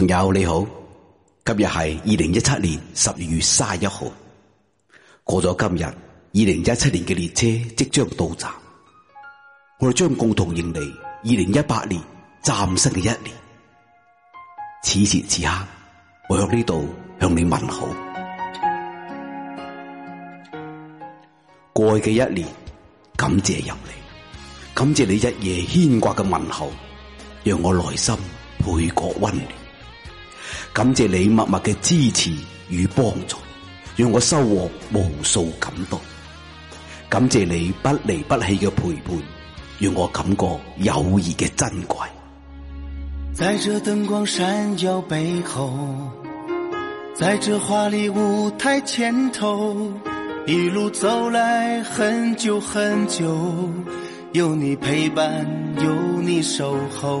朋友你好，今日係二零一七年十二月卅一號。過咗今日，二零一七年嘅列車即將到站，我哋將共同迎嚟二零一八年嶄新嘅一年。此時此刻，我喺呢度向你問好。過去嘅一年，感謝有你，感謝你日夜牽掛嘅問候，讓我內心倍覺溫暖。感謝你默默嘅支持與幫助，讓我收穫無數感動。感謝你不離不棄嘅陪伴，讓我感覺友誼嘅珍貴。在這燈光閃耀背後，在這華麗舞台前頭，一路走來很久很久，有你陪伴，有你守候。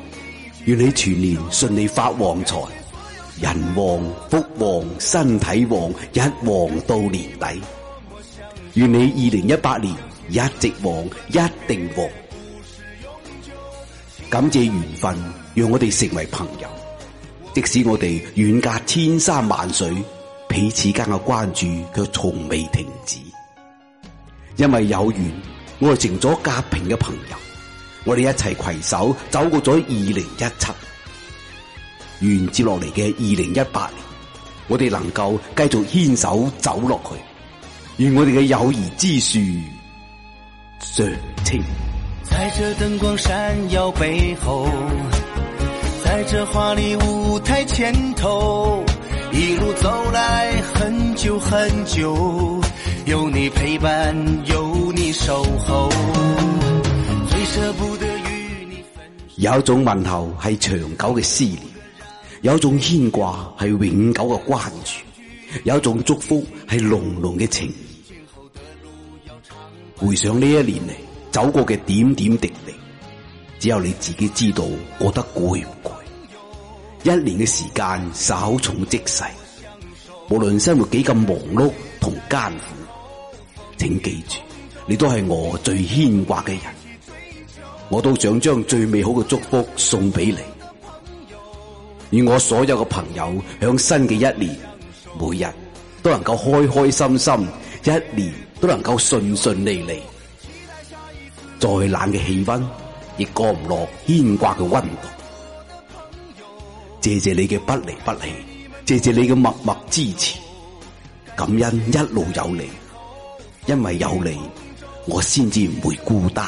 願你全年順利發旺財，人旺、福旺、身體旺，一旺到年底。願你二零一八年一直旺，一定旺。感謝緣分，讓我哋成為朋友，即使我哋遠隔千山萬水，彼此間嘅關注卻從未停止。因為有緣，我哋成咗隔屏嘅朋友。我哋一齊攜手走過咗二零一七，願接落嚟嘅二零一八年，我哋能夠繼續牽手走落去，願我哋嘅友誼之樹常青。在這燈光閃耀背後，在這華麗舞台前頭，一路走來很久很久，有你陪伴，有你守候。捨不得與你分有一種問候係長久嘅思念，有一種牽掛係永久嘅關注，有一種祝福係濃濃嘅情誼。回想呢一年嚟走過嘅點點滴滴，只有你自己知道過得攰唔攰。一年嘅時間稍縱即逝，無論生活幾咁忙碌同艱苦，請記住，你都係我最牽掛嘅人。我都想將最美好嘅祝福送俾你，與我所有嘅朋友響新嘅一年，每日都能夠開開心心，一年都能夠順順利利。再冷嘅氣溫，亦過唔落牽掛嘅溫度。謝謝你嘅不離不棄，謝謝你嘅默默支持，感恩一路有你，因為有你，我先至唔會孤單。